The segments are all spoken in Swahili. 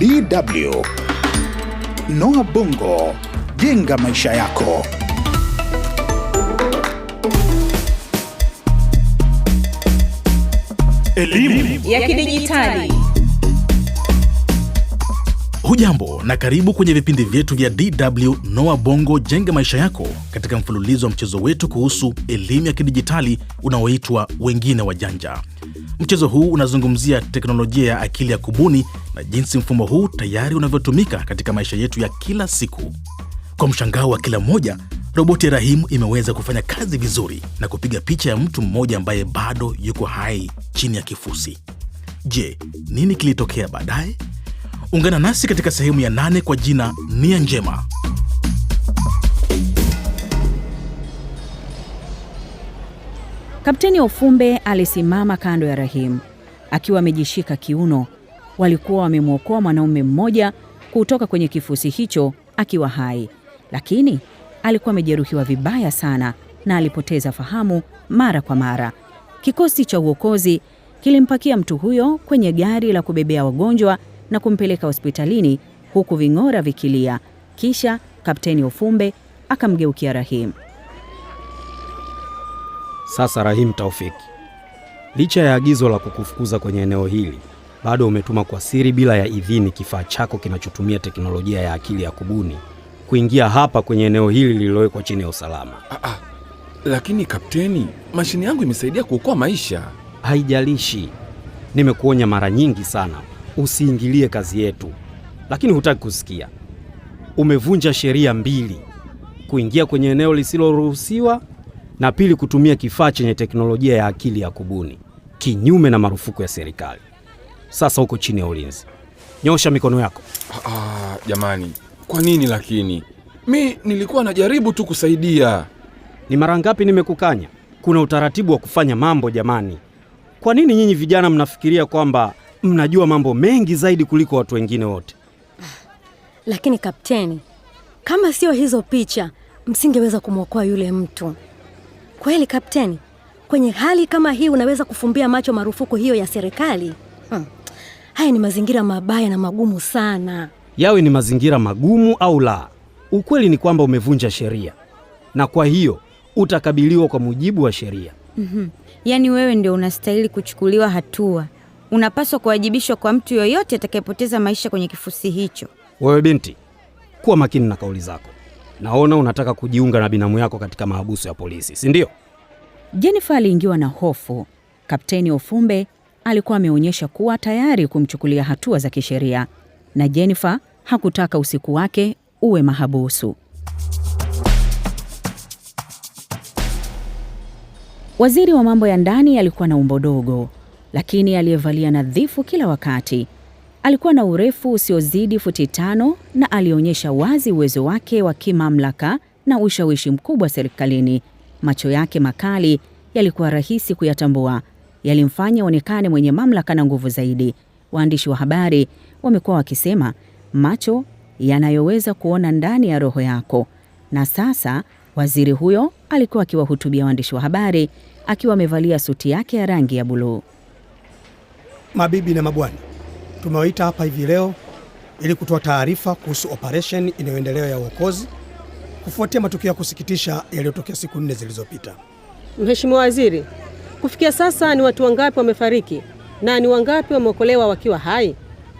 DW Noa Bongo, jenga maisha yako. Elimu ya kidijitali. Hujambo na karibu kwenye vipindi vyetu vya DW noa Bongo jenga maisha yako, katika mfululizo wa mchezo wetu kuhusu elimu ya kidijitali unaoitwa wengine wajanja. Mchezo huu unazungumzia teknolojia ya akili ya kubuni na jinsi mfumo huu tayari unavyotumika katika maisha yetu ya kila siku. Kwa mshangao wa kila mmoja, roboti Rahimu imeweza kufanya kazi vizuri na kupiga picha ya mtu mmoja ambaye bado yuko hai chini ya kifusi. Je, nini kilitokea baadaye? Ungana nasi katika sehemu ya nane kwa jina Nia Njema. Kapteni Ofumbe alisimama kando ya Rahim akiwa amejishika kiuno. Walikuwa wamemwokoa mwanaume mmoja kutoka kwenye kifusi hicho akiwa hai, lakini alikuwa amejeruhiwa vibaya sana na alipoteza fahamu mara kwa mara. Kikosi cha uokozi kilimpakia mtu huyo kwenye gari la kubebea wagonjwa na kumpeleka hospitalini huku ving'ora vikilia. Kisha Kapteni Ofumbe akamgeukia Rahim. Sasa Rahim taufik licha ya agizo la kukufukuza kwenye eneo hili, bado umetuma kwa siri bila ya idhini kifaa chako kinachotumia teknolojia ya akili ya kubuni kuingia hapa kwenye eneo hili lililowekwa chini ya usalama. Ah, ah. Lakini kapteni, mashine yangu imesaidia kuokoa maisha. Haijalishi, nimekuonya mara nyingi sana usiingilie kazi yetu, lakini hutaki kusikia. Umevunja sheria mbili: kuingia kwenye eneo lisiloruhusiwa na pili, kutumia kifaa chenye teknolojia ya akili ya kubuni, kinyume na marufuku ya serikali. Sasa uko chini ya ulinzi, nyosha mikono yako. Ah, ah, jamani, kwa nini lakini? Mi nilikuwa najaribu tu kusaidia. Ni mara ngapi nimekukanya? Kuna utaratibu wa kufanya mambo jamani. Kwa nini nyinyi vijana mnafikiria kwamba mnajua mambo mengi zaidi kuliko watu wengine wote? Lakini kapteni, kama sio hizo picha, msingeweza kumwokoa yule mtu. Kweli kapteni, kwenye hali kama hii unaweza kufumbia macho marufuku hiyo ya serikali? Hmm. Haya ni mazingira mabaya na magumu sana. Yawe ni mazingira magumu au la, ukweli ni kwamba umevunja sheria na kwa hiyo utakabiliwa kwa mujibu wa sheria. Mm-hmm. Yaani wewe ndio unastahili kuchukuliwa hatua, unapaswa kuwajibishwa kwa mtu yoyote atakayepoteza maisha kwenye kifusi hicho. Wewe binti, kuwa makini na kauli zako. Naona unataka kujiunga na binamu yako katika mahabusu ya polisi, si ndio? Jennifer aliingiwa na hofu. Kapteni Ofumbe alikuwa ameonyesha kuwa tayari kumchukulia hatua za kisheria, na Jennifer hakutaka usiku wake uwe mahabusu. Waziri wa mambo ya ndani alikuwa na umbo dogo, lakini aliyevalia nadhifu kila wakati. Alikuwa na urefu usiozidi futi tano na alionyesha wazi uwezo wake wa kimamlaka na ushawishi mkubwa serikalini. Macho yake makali yalikuwa rahisi kuyatambua, yalimfanya onekane mwenye mamlaka na nguvu zaidi. Waandishi wa habari wamekuwa wakisema macho yanayoweza kuona ndani ya roho yako, na sasa waziri huyo alikuwa akiwahutubia waandishi wa habari akiwa amevalia suti yake ya rangi ya buluu. Mabibi na mabwana tumewaita hapa hivi leo ili kutoa taarifa kuhusu operation inayoendelea ya uokozi kufuatia matukio ya kusikitisha yaliyotokea siku nne zilizopita. Mheshimiwa Waziri, kufikia sasa ni watu wangapi wamefariki na ni wangapi wameokolewa wakiwa hai?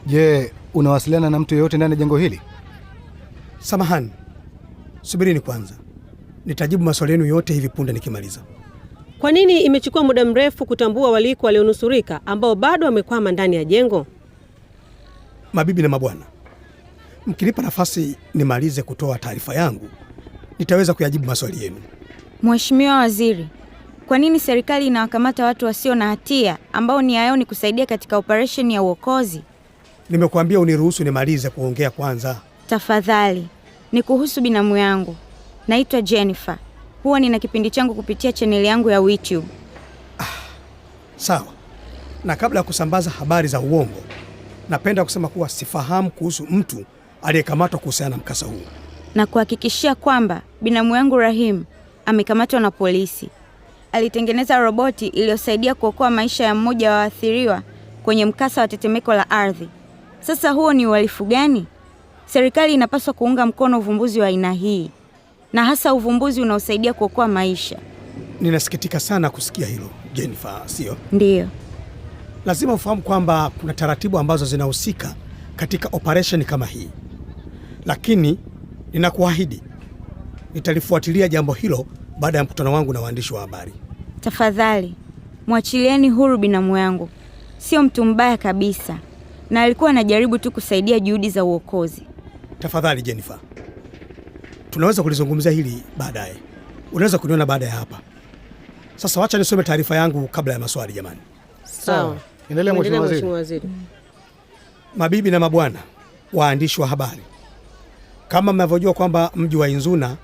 Je, unawasiliana na mtu yeyote ndani ya jengo hili? Samahani, subirini kwanza, nitajibu maswali yenu yote hivi punde nikimaliza. Kwa nini imechukua muda mrefu kutambua waliko walionusurika ambao bado wamekwama ndani ya jengo? Mabibi na mabwana, mkinipa nafasi nimalize kutoa taarifa yangu, nitaweza kuyajibu maswali yenu. Mheshimiwa Waziri, kwa nini serikali inawakamata watu wasio na hatia ambao nia yao ni kusaidia katika operesheni ya uokozi? Nimekuambia uniruhusu nimalize kuongea kwanza. Tafadhali. Ni kuhusu binamu yangu, naitwa Jennifer. Huwa nina kipindi changu kupitia chaneli yangu ya YouTube. Ah, sawa. Na kabla ya kusambaza habari za uongo napenda kusema kuwa sifahamu kuhusu mtu aliyekamatwa kuhusiana na mkasa huu, na kuhakikishia kwamba binamu yangu Rahim amekamatwa na polisi. Alitengeneza roboti iliyosaidia kuokoa maisha ya mmoja wa waathiriwa kwenye mkasa wa tetemeko la ardhi. Sasa huo ni uhalifu gani? Serikali inapaswa kuunga mkono uvumbuzi wa aina hii, na hasa uvumbuzi unaosaidia kuokoa maisha. Ninasikitika sana kusikia hilo Jennifer, sio? Ndiyo lazima ufahamu kwamba kuna taratibu ambazo zinahusika katika operation kama hii, lakini ninakuahidi nitalifuatilia jambo hilo baada ya mkutano wangu na waandishi wa habari. Tafadhali mwachilieni huru binamu yangu, sio mtu mbaya kabisa, na alikuwa anajaribu tu kusaidia juhudi za uokozi. Tafadhali Jennifer, tunaweza kulizungumzia hili baadaye. Unaweza kuniona baada ya hapa. Sasa wacha nisome taarifa yangu kabla ya maswali, jamani. Sawa. So. Endelea mheshimiwa waziri. Mm. Mabibi na mabwana waandishi wa habari, kama mnavyojua kwamba mji wa Inzuna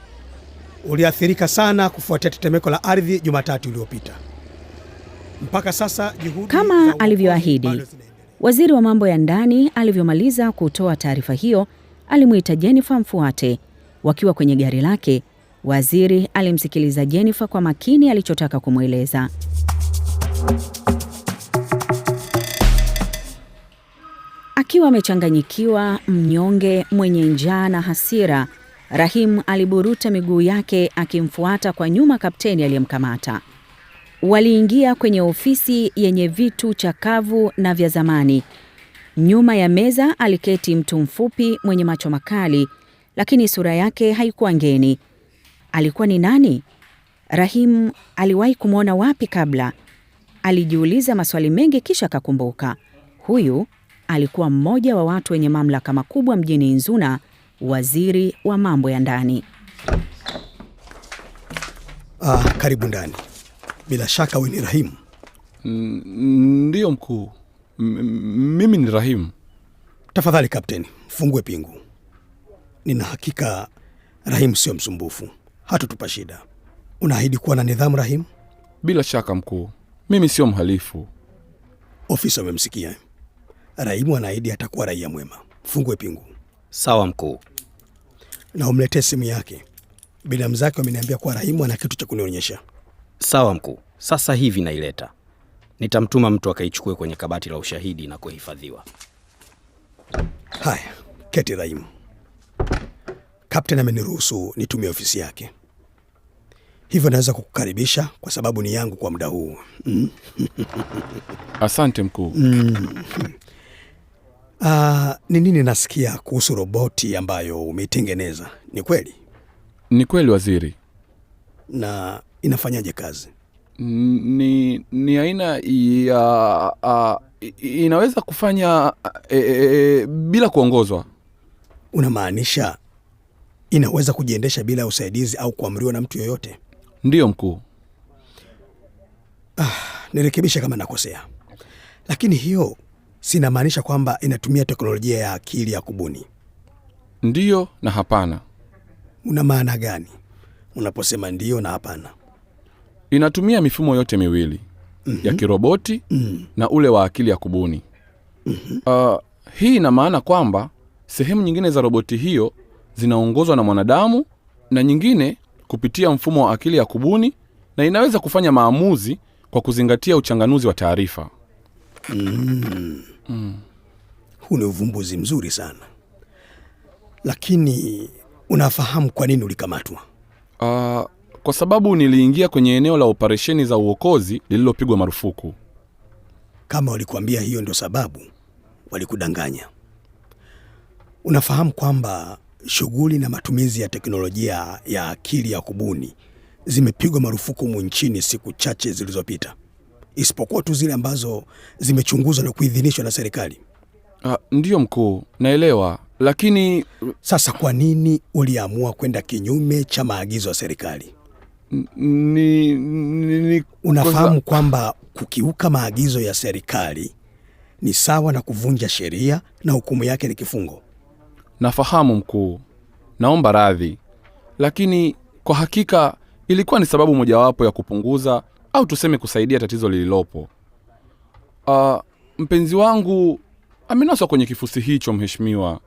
uliathirika sana kufuatia tetemeko la ardhi Jumatatu iliyopita. Mpaka sasa juhudi kama alivyoahidi waziri wa mambo ya ndani alivyomaliza kutoa taarifa hiyo, alimwita Jennifer mfuate. Wakiwa kwenye gari lake, waziri alimsikiliza Jennifer kwa makini alichotaka kumweleza. Akiwa amechanganyikiwa, mnyonge, mwenye njaa na hasira, Rahim aliburuta miguu yake akimfuata kwa nyuma kapteni aliyemkamata. Waliingia kwenye ofisi yenye vitu chakavu na vya zamani. Nyuma ya meza aliketi mtu mfupi mwenye macho makali, lakini sura yake haikuwa ngeni. Alikuwa ni nani? Rahim aliwahi kumwona wapi kabla? Alijiuliza maswali mengi kisha akakumbuka. Huyu alikuwa mmoja wa watu wenye mamlaka makubwa mjini Inzuna, waziri wa mambo ya ndani. Ah, karibu ndani. Bila shaka we ni Rahimu? Mm, Ndiyo mkuu, mimi ni Rahimu. Tafadhali kapteni, fungue pingu. Nina hakika Rahimu sio msumbufu, hatutupa shida. Unaahidi kuwa na nidhamu Rahimu? Bila shaka mkuu, mimi sio mhalifu. Ofisa, umemsikia? Raimu anaahidi atakuwa raia mwema. Mfungwe pingu. Sawa mkuu, na umletee simu yake. Binamu zake wameniambia kuwa Rahimu ana kitu cha kunionyesha. Sawa mkuu, sasa hivi naileta. Nitamtuma mtu akaichukue kwenye kabati la ushahidi na kuhifadhiwa. Haya, keti Rahimu. Kapteni ameniruhusu nitumie ofisi yake, hivyo naweza kukukaribisha kwa sababu ni yangu kwa muda huu. Mm. Asante mkuu. Mm. Ah, ni uh, nini nasikia kuhusu roboti ambayo umeitengeneza? Ni kweli? Ni kweli waziri. Na inafanyaje kazi? Ni, ni aina ya uh, inaweza kufanya e, e, e, bila kuongozwa. Unamaanisha inaweza kujiendesha bila usaidizi au kuamriwa na mtu yoyote? Ndiyo mkuu. Ah, nirekebisha kama nakosea, lakini hiyo sinamaanisha kwamba inatumia teknolojia ya akili ya kubuni. Ndiyo na hapana. Una maana gani unaposema ndiyo na hapana? Inatumia mifumo yote miwili mm -hmm. ya kiroboti mm -hmm. na ule wa akili ya kubuni mm -hmm. uh, hii ina maana kwamba sehemu nyingine za roboti hiyo zinaongozwa na mwanadamu na nyingine kupitia mfumo wa akili ya kubuni, na inaweza kufanya maamuzi kwa kuzingatia uchanganuzi wa taarifa. mm -hmm mm. Huu ni uvumbuzi mzuri sana, lakini unafahamu kwa nini ulikamatwa? Uh, kwa sababu niliingia kwenye eneo la operesheni za uokozi lililopigwa marufuku. Kama walikuambia hiyo ndio sababu, walikudanganya. Unafahamu kwamba shughuli na matumizi ya teknolojia ya akili ya kubuni zimepigwa marufuku mu nchini siku chache zilizopita isipokuwa tu zile ambazo zimechunguzwa na kuidhinishwa na serikali. Uh, ah, ndiyo mkuu, naelewa, lakini sasa kwa nini uliamua kwenda kinyume cha maagizo ya serikali? Ni, ni, ni, unafahamu kwamba kukiuka maagizo ya serikali ni sawa na kuvunja sheria na hukumu yake ni kifungo. Nafahamu mkuu, naomba radhi, lakini kwa hakika ilikuwa ni sababu mojawapo ya kupunguza au tuseme kusaidia tatizo lililopo. Uh, mpenzi wangu amenaswa kwenye kifusi hicho, mheshimiwa.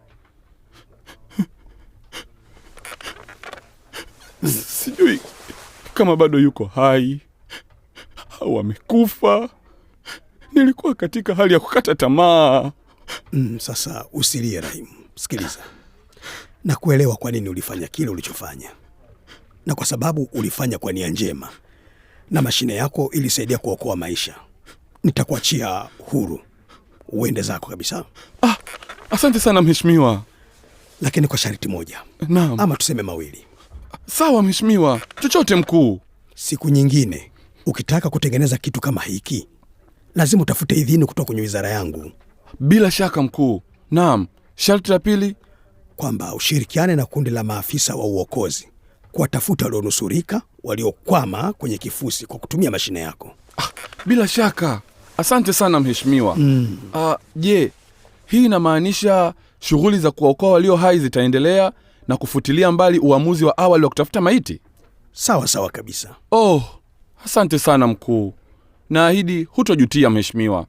Sijui kama bado yuko hai au amekufa. Nilikuwa katika hali ya kukata tamaa. Mm, sasa usilie Rahimu, sikiliza. Nakuelewa kwa nini ulifanya kile ulichofanya, na kwa sababu ulifanya kwa nia njema na mashine yako ilisaidia kuokoa maisha. Nitakuachia huru uende zako kabisa. Ah, asante sana mheshimiwa, lakini kwa sharti moja. Naam. Ama tuseme mawili. Sawa mheshimiwa, chochote mkuu. Siku nyingine ukitaka kutengeneza kitu kama hiki lazima utafute idhini kutoka kwenye wizara yangu. Bila shaka mkuu. Naam. Sharti la pili kwamba ushirikiane na kundi la maafisa wa uokozi kuwatafuta walionusurika waliokwama kwenye kifusi kwa kutumia mashine yako. Ah, bila shaka. Asante sana mheshimiwa. Mm. Ah, je, hii inamaanisha shughuli za kuwaokoa walio hai zitaendelea na kufutilia mbali uamuzi wa awali wa kutafuta maiti? Sawa sawa kabisa. Oh, asante sana mkuu. Naahidi hutojutia mheshimiwa,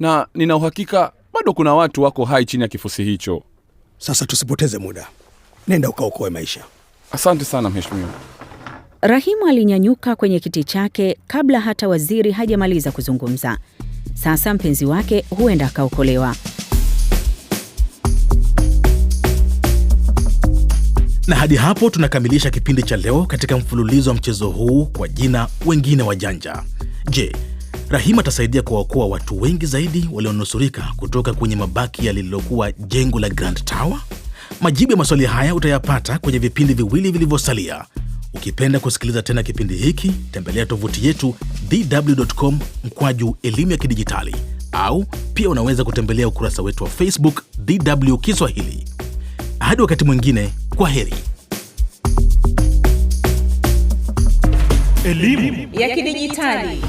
na nina uhakika bado kuna watu wako hai chini ya kifusi hicho. Sasa tusipoteze muda, nenda ukaokoe maisha. Asante sana mheshimiwa. rahimu alinyanyuka kwenye kiti chake kabla hata waziri hajamaliza kuzungumza. Sasa mpenzi wake huenda akaokolewa. Na hadi hapo tunakamilisha kipindi cha leo katika mfululizo wa mchezo huu kwa jina Wengine Wajanja. Je, rahimu atasaidia kuwaokoa watu wengi zaidi walionusurika kutoka kwenye mabaki yalilokuwa jengo la Grand Tower? Majibu ya maswali haya utayapata kwenye vipindi viwili vilivyosalia. Ukipenda kusikiliza tena kipindi hiki, tembelea tovuti yetu dw.com mkwaju elimu ya kidijitali, au pia unaweza kutembelea ukurasa wetu wa Facebook DW Kiswahili. Hadi wakati mwingine, kwa heri. Elimu ya kidijitali.